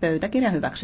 Pöytäkirja hyväksytään.